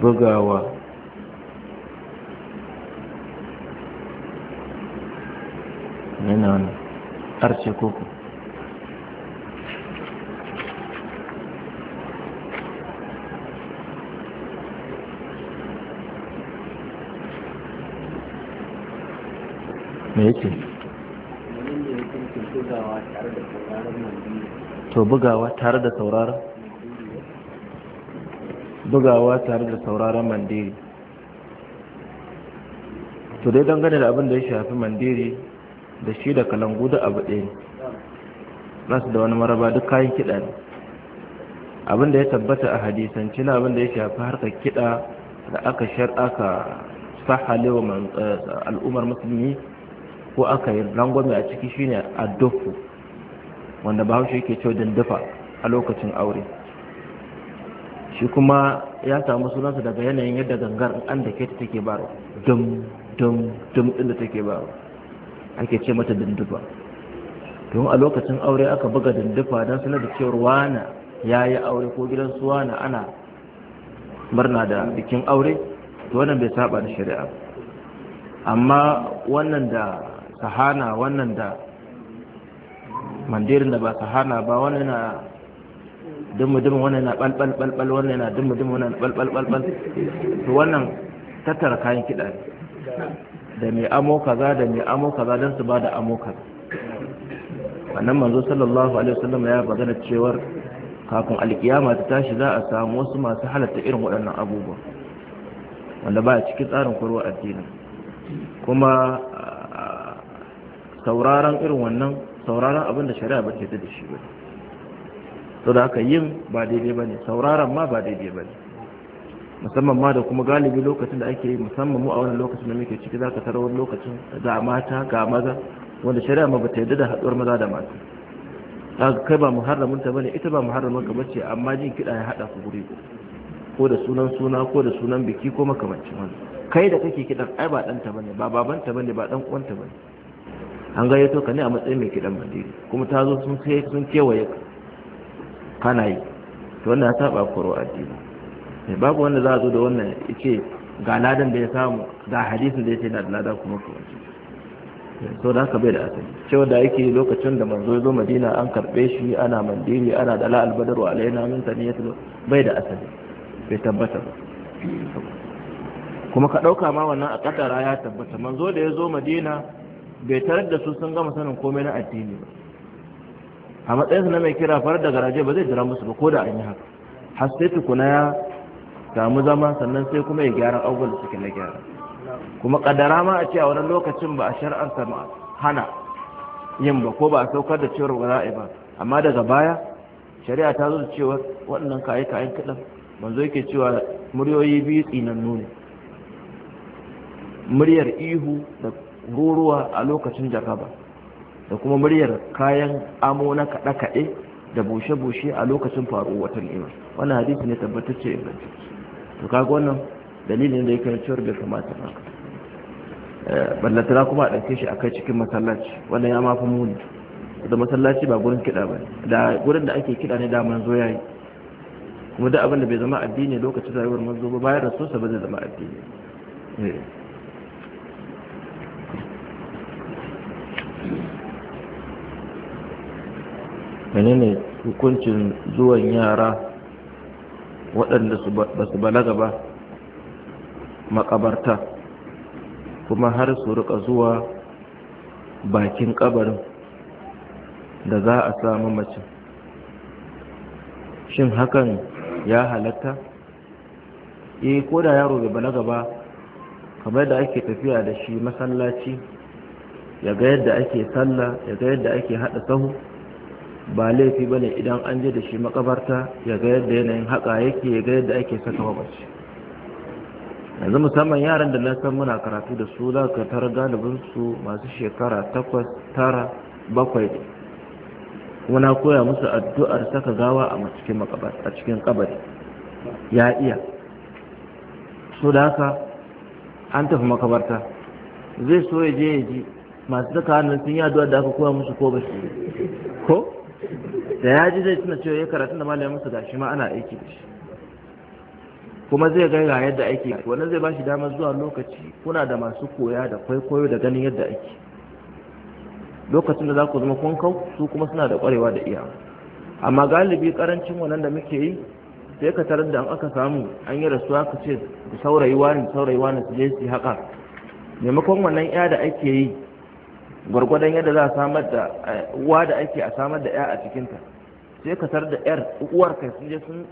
bugawa yana wani koko me yake to bugawa tare da sauraron bugawa tare da sauraron mandiri to dai gane da abin da ya shafi mandiri da shi da kalangu da abu ɗaya ne su da wani maraba duk kayan kiɗa ne abin da ya tabbata a hadisanci na abin da ya shafi harkar kiɗa da aka shar'aka sahalewa eh, al'ummar musulmi ko aka yi rangwame a ciki shine a addofu wanda bahaushe yake cewa dandafa a lokacin aure shi kuma ya samu sunansa daga yanayin yadda gangar an da ke take baro dum dum dum din da take baro ake ce mata dindufa don a lokacin aure aka buga dindufa don suna da cewar wana ya yi aure ko gidan su wana ana murna da bikin aure to wannan bai saba da shari'a amma wannan da sahana wannan da mandirin da ba sahana ba wannan na dumu-dumu wannan na ɓalɓal wani wannan na dumu-dumu wannan ɓalɓal to wannan tattara kayan kiɗa ne da mai amo kaza da mai amo kaza don su ba da amo kaza wannan manzo sallallahu alaihi wasallam ya magana cewar kafin alkiyama ta tashi za a samu wasu masu halatta irin waɗannan abubuwa wanda ba cikin tsarin kurwa addinin kuma sauraron irin wannan sauraron abin da shari'a ba ke da shi ba to da haka yin ba daidai ba ne sauraron ma ba daidai ba ne musamman ma da kuma galibi lokacin da ake yi musamman mu a wani lokacin da muke ciki za ka tarar wani lokacin ga mata ga maza wanda shari'a ma ba ta yadda da haɗuwar maza da mata kaga kai ba muharramin ta bane ita ba muharramin ka bace amma jin kiɗa ya haɗa ku guri ko da sunan suna ko da sunan biki ko makamancin wani kai da kake kiɗan ai ba ɗanta bane ba babanta bane ba ɗan ba bane an gayyato ka ne a matsayin mai kiɗan madina kuma ta zo sun kai sun kewaye ka kana yi to wannan ya saba koro addini sai eh, babu wanda za a zo da wannan yace ga ladan da ya samu ga hadisin da yake na da lada kuma ko to da haka bai da asali cewa da yake lokacin da manzo zo Madina an karbe shi ana mandiri ana da la'al badar wa alaina min taniyatu bai da asali bai tabbata ba kuma ka dauka ma wannan a kadara ya tabbata manzo da ya zo Madina bai tarar da su sun gama sanin komai na addini ba a matsayinsa na mai kira farar da garaje ba zai jira musu ba ko da an yi haka har sai tukuna ya samu zama sannan sai kuma ya gyara abubuwan da suke na gyara kuma kaddara ma a ce a wani lokacin ba a shar'arsa ma hana yin ba ko ba a saukar da cewar ba za a yi ba amma daga baya shari'a ta zo da cewar waɗannan kayi kayan kiɗan manzo yake cewa muryoyi biyu tsinannu ne muryar ihu da ruruwa a lokacin jakaba da kuma muryar kayan amo na kaɗe-kaɗe da bushe-bushe a lokacin faruwar watan ima wani hadisi ne tabbatacce inganci to kaga wannan dalilin da ya kai cewar bai kamata ba eh, ballatara kuma a ɗauke shi a kai cikin masallaci wannan ya mafi muni da masallaci ba gurin kiɗa ba da gurin da ake kiɗa ne da manzo yi, kuma da abin da bai zama addini lokacin rayuwar manzo ba bayan rasulsa ba zai zama addini eh. ne hukuncin zuwan yara waɗanda ba su balaga ba makabarta kuma har su rika zuwa bakin kabarin da za a samu mace shin hakan ya halatta eh ko da yaro bai balaga ba kamar da ake tafiya da shi masallaci ya ga yadda ake sallah ya ga yadda ake haɗa sahu ba laifi bane idan an je da shi makabarta ya ga yadda yanayin haka yake ya ga yadda ake saka mamaci yanzu musamman yaran da na san muna karatu da su za ka tara galibin su masu shekara takwas tara bakwai kuma na koya musu addu'ar saka gawa a cikin makabar a cikin kabari ya iya Su da haka an tafi makabarta zai so ya je ya ji masu saka hannun sun yi addu'ar da aka koya musu ko ba su da ya ji zai tuna cewa ya karatun da malamin su gashi ma ana aiki da shi kuma zai ga yadda ake wannan zai bashi damar zuwa lokaci kuna da masu koya da kwaikwayo da ganin yadda ake lokacin da za ku zama kun kau su kuma suna da kwarewa da iya amma galibi karancin wannan da muke yi sai ka tarar da an aka samu an yi rasuwa ka ce da saurayi wani saurayi wani su je su haka maimakon wannan ya da ake yi gwargwadon yadda za a samar da eh, uwa da ake a samar da ya a cikinta sai ka tar da yar uwar kai sun je sun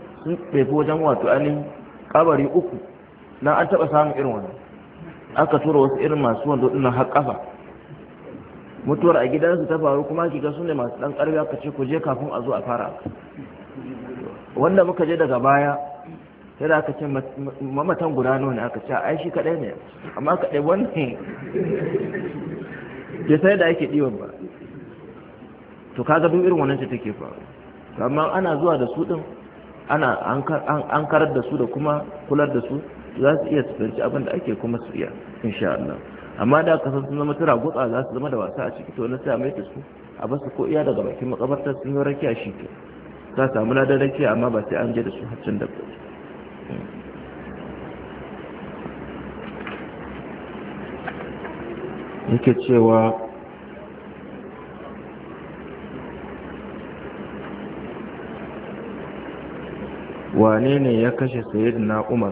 tsefi wajen wato ainihin kabari uku na an taba samun irin wani aka tura wasu irin masu wanda dinnan har kafa mutuwar a gidansu ta faru kuma ga su ne masu dan karfi aka ce ku je kafin a zo a fara wanda muka je daga baya sai da aka ce mamatan guda nawa ne aka ce ai shi kadai ne amma dai wannan ke sai da ake ɗiban ba to kaga duk irin wannan ce take faru amma ana zuwa da su din ana an karar da su da kuma kular da su za su iya tsanci abin da ake kuma su iya insha Allah amma da kasan san sun zama tura gutsa za su zama da wasa a ciki to na sai a mai su a basu ko iya daga bakin makabartar sun yi rakiya shi ke za samu ladan rakiya amma ba sai an je da su har can da yake cewa wane ne ya kashe na umar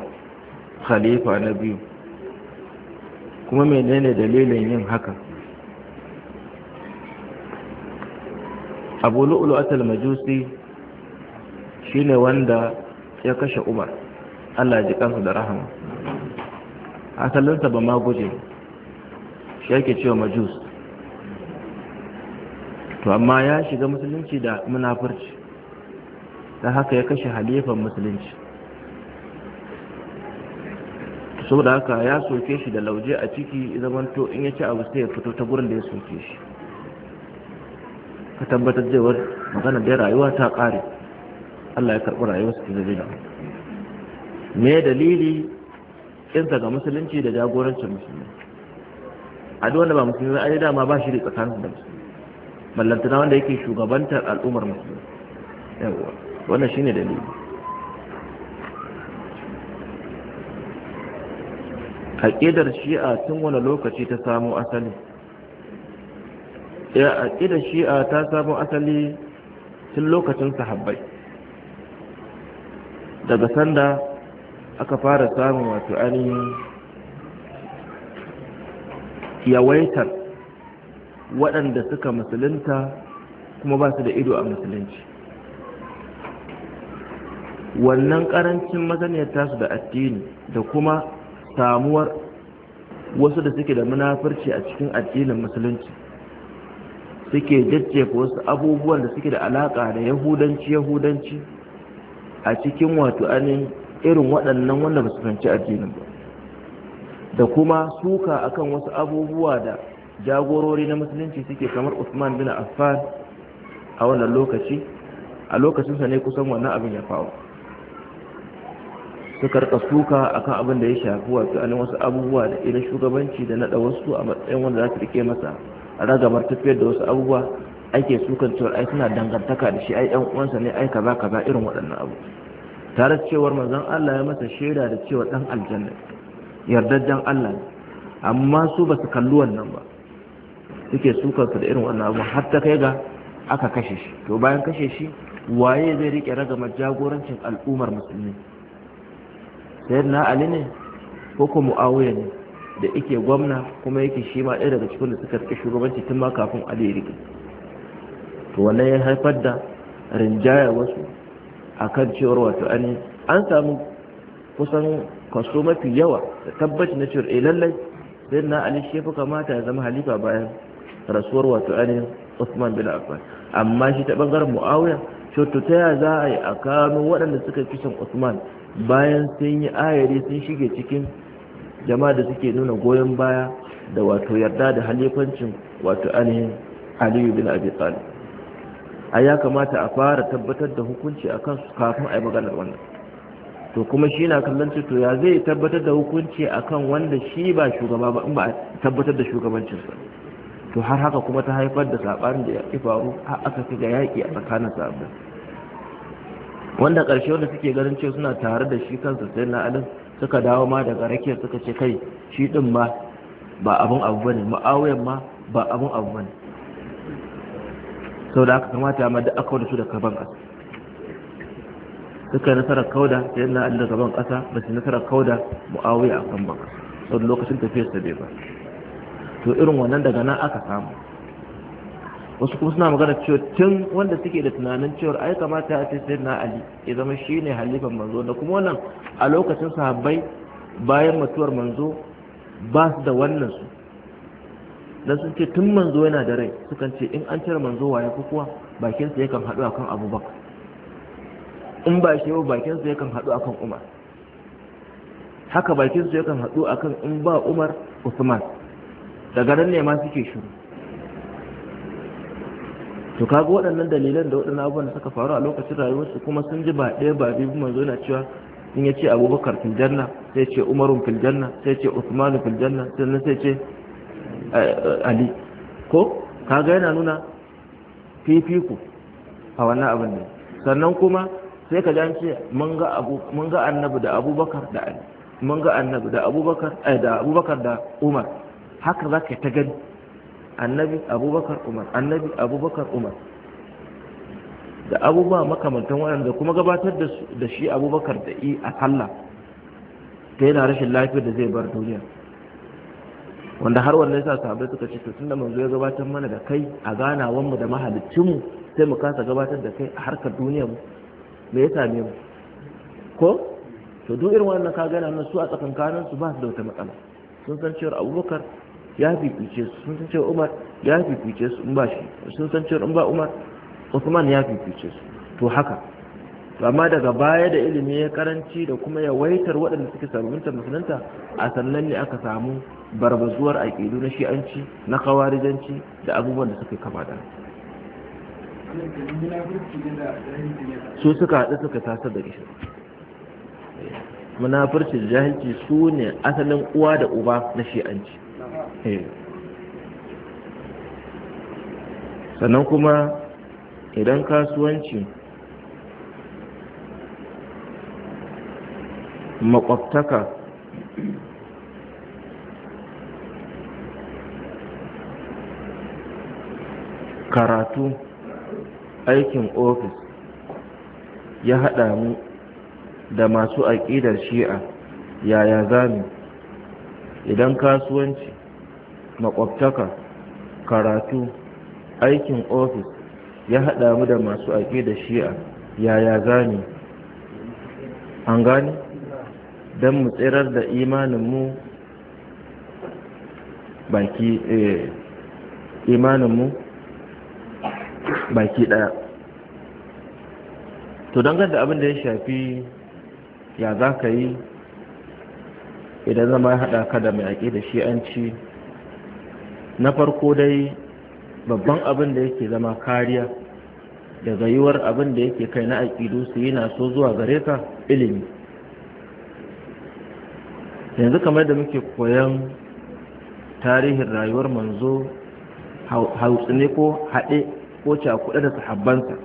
khalifa na biyu kuma menene dalilin yin haka abu lu'ulu atal majusi shine wanda ya kashe umar allah ji kansu da rahama asalinsa ba ma guje shi yake cewa majus to amma ya shiga musulunci da munafurci ta haka ya kashe halifan musulunci da haka ya soke shi da lauje a ciki zamanto in ya ci abu sai ya fito ta gurin da ya soke shi ka tabbatar cewar magana da rayuwa ta kare Allah ya karɓi rayuwa su da jina me dalili kinsa ga musulunci da jagorancin musulunci a duk wanda ba musulmi ba ai dama ba shi da tsakanin da musulmi ballantana wanda yake shugabantar al'ummar musulmi yawa wannan shine dalili aqidar shi'a tun wani lokaci ta samu asali ya aqidar shi'a ta samu asali tun lokacin sahabbai daga sanda aka fara samun wato ainihin yawaitar waɗanda suka musulunta kuma ba su da ido a musulunci wannan ƙarancin mazaniyar tasu da addini da kuma samuwar wasu da suke da munafurci a cikin addinin musulunci suke jajjefa wasu abubuwan da suke da alaƙa da yahudanci yahudanci a cikin wato anin irin waɗannan wanda ba su fahimci addinin ba da kuma suka akan wasu abubuwa da jagorori na musulunci suke kamar Usman bin Affan a wannan lokaci a sa ne kusan wannan abin ya faru suka rika suka akan abin da ya shafi wato an wasu abubuwa da irin shugabanci da naɗa wasu a matsayin wanda za su rike masa ragamar tafiyar da wasu abubuwa ake sukan cewa ai suna dangantaka da shi ai ɗan uwansa ne ai kaza kaza irin waɗannan abu tare da cewar manzon Allah ya masa shaida da cewa dan aljanna yardajjen Allah amma su ba su kalli wannan ba suke sukarsa da irin wannan abu har ta kai ga aka kashe shi to bayan kashe shi waye zai rike ragamar jagorancin al'ummar musulmi sai na ali ne ko ko mu'awiya ne da yake gwamna kuma yake shi ma ɗaya daga cikin da suka rike shugabanci tun ma kafin ali ya rike to wannan ya haifar da rinjayar wasu akan cewar wato an an samu kusan kaso mafi yawa da tabbaci na cewa eh lallai sai na ali shi fi kamata ya zama halifa bayan rasuwar wato ainihin Usman bin Affan amma shi ta bangaren Muawiya to ta ya za a yi a kano waɗanda suka fi son Usman bayan sun yi ayari sun shige cikin jama'a da suke nuna goyon baya da wato yarda da halifancin wato ainihin Aliyu bin Abi Talib a ya kamata a fara tabbatar da hukunci akan su kafin a yi maganar wannan to kuma shi na kallon to ya zai tabbatar da hukunci akan wanda shi ba shugaba ba in ba a tabbatar da shugabancinsa to har haka kuma ta haifar da sabanin da ya faru har aka fi ga yaƙi a tsakanin sabbin wanda ƙarshe wanda suke ganin cewa suna tare da shi kansa sai na alin suka dawo ma daga rakiyar suka ce kai shi ɗin ma ba abun abu ba ne, ma'awuyan ma ba abun abu ba ne. Sau da aka kamata ma da aka wani su da kaban ƙasa suka nasarar kauda ta yana ali gaban ƙasa, kasa ba su nasarar kauda muawiya a kan baka sau lokacin tafiyar bai ba to irin wannan daga nan aka samu wasu kuma suna magana cewa tun wanda suke da tunanin cewa ai kamata a ce sai na ali ya zama shi ne halifan manzo da kuma wannan a lokacin sahabbai bayan mutuwar manzo ba su da wannan su dan sun ce tun manzo yana da rai sukan ce in an cire manzo waye ko kuwa bakin sa yakan haɗu akan abubakar in ba shi yau bakinsu yakan haɗu akan umar haka bakinsu yakan haɗu akan in ba umar usman daga nan ne ma suke shiru to kaga waɗannan dalilan da waɗannan abubuwan da suka faru a lokacin rayuwarsu kuma sun ji ba ɗaya ba biyu zo na cewa in ya ce abubakar fil janna sai ce umarun fil janna sai ce usman fil janna sannan sai ce eh, ali ko kaga yana nuna fifiko a wannan abin ne sannan kuma sai ka jance mun ga abu mun ga annabi da abubakar da ali mun ga annabi da abubakar ai eh, da abubakar da umar haka za ka ta gani annabi abubakar umar annabi abubakar umar da abubuwa makamantan waɗanda kuma gabatar da shi abubakar da i a talla ta yana rashin lafiyar da zai bar duniya wanda har wanda yasa sabai suka ce to tunda manzo ya gabatar mana da kai a ganawanmu da mahaliccinmu mu sai mu kasa gabatar da kai a harkar duniya mu me ya same mu ko to duk irin wannan ka gana nan su a tsakankanin su ba su da wata matsala sun san cewa abubakar ya fifice su sun san cewa umar ya fifice su in ba shi sun san cewa in ba umar usman ya fifice su to haka to amma daga baya da ilimi ya karanci da kuma yawaitar waɗanda suke sabunta musulunta a sannan ne aka samu barbazuwar aƙidu na shi'anci na kawarijanci da abubuwan da suke kama da su suka haɗu suka tasar da kishin munafurci da jahilci su ne asalin uwa da uba na shi'anci eh. sannan kuma idan kasuwanci makwabtaka karatu aikin ofis ya haɗa mu da masu aƙidar shi'a yaya za mu idan kasuwanci makwabtaka karatu aikin ofis ya haɗa mu da masu aƙidar shi'a yaya za mu an gane don mu tsirar da imaninmu baki eh, imaninmu baki ɗaya to don da abin da ya shafi ya za ka yi idan zama ya haɗa ka da mai ake da shi an ci na farko dai babban abin da yake zama kariya daga yiwuwar abin da yake kai na aƙidu su yi so zuwa gare ka ilimi yanzu kamar da muke koyan tarihin rayuwar manzo hautsine ko haɗe ko cakuɗe da sahabbansa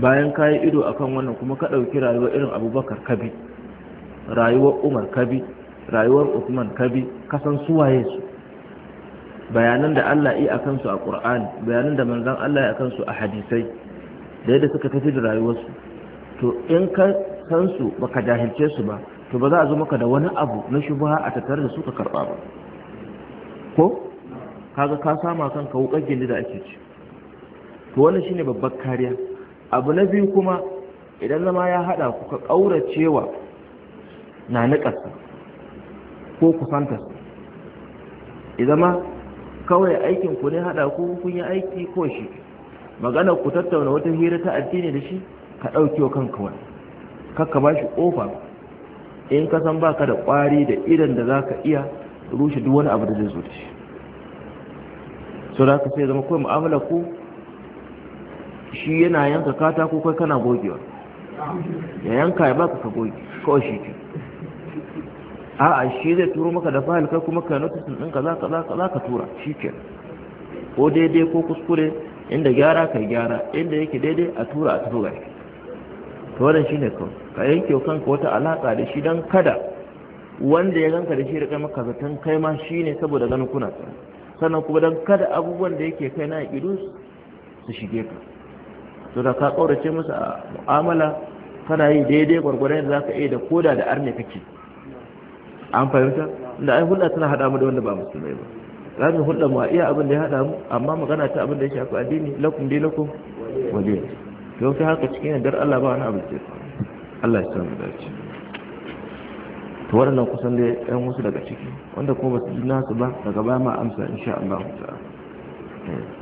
bayan ka yi ido akan wannan kuma ka ɗauki rayuwar irin abubakar kabi rayuwar umar kabi rayuwar usman kabi kasan suwaye su bayanan da allah iya akan su a ƙur'ani bayanan da manzan allah yi akan su a hadisai da yadda suka tafi da rayuwarsu to in ka san su baka jahilce su ba to ba za a zo maka da wani abu na shubha a tattare da su ka karɓa ba ko kaga ka sama kanka wuƙar gindi da ake ci to wannan shine babbar kariya abu na biyu kuma idan zama ya hada kuka cewa na niƙasa ko kusantarsa ma kawai aikin ku ne hada ku kun yi aiki ko shi magana ku tattauna wata hira ta addini da shi ka ɗauki wa kanka wani kakka ba shi ƙofa in ka san baka da ƙwari da idan da za ka iya rushe duk wani abu da zai zo da shi so da ka sai zama kawai mu'amala ku shi yana yanka katako kai kana gogewa ya yanka ya baka ka goge kawai shi a a'a shi zai turo maka da fahil kai kuma ka notisin ɗinka za ka za ka tura shi ke ko daidai ko kuskure inda gyara ka gyara inda yake daidai a tura a turo gari to wannan shine kawai ka yanke kanka wata alaƙa da shi don kada wanda ya ganka da shi da kai maka zaton kai ma shine saboda ganin kuna sannan kuma don kada abubuwan da yake kai na idus su shige ka to da ka kaurace musu a mu'amala kana yi daidai gwargwaron da zaka iya da koda da arne kake an fahimta da ai hulɗa tana hada mu da wanda ba musulmai ba za mu hulɗa mu a iya abin da ya hada mu amma magana ta abin da ya shafi addini lakum bi lakum waliya to sai haka cikin dar Allah ba wani abu ce Allah ya da shi to waɗannan kusan da ɗan wasu daga ciki wanda kuma ba su ji nasu ba daga baya ma amsa insha Allah ta'ala eh.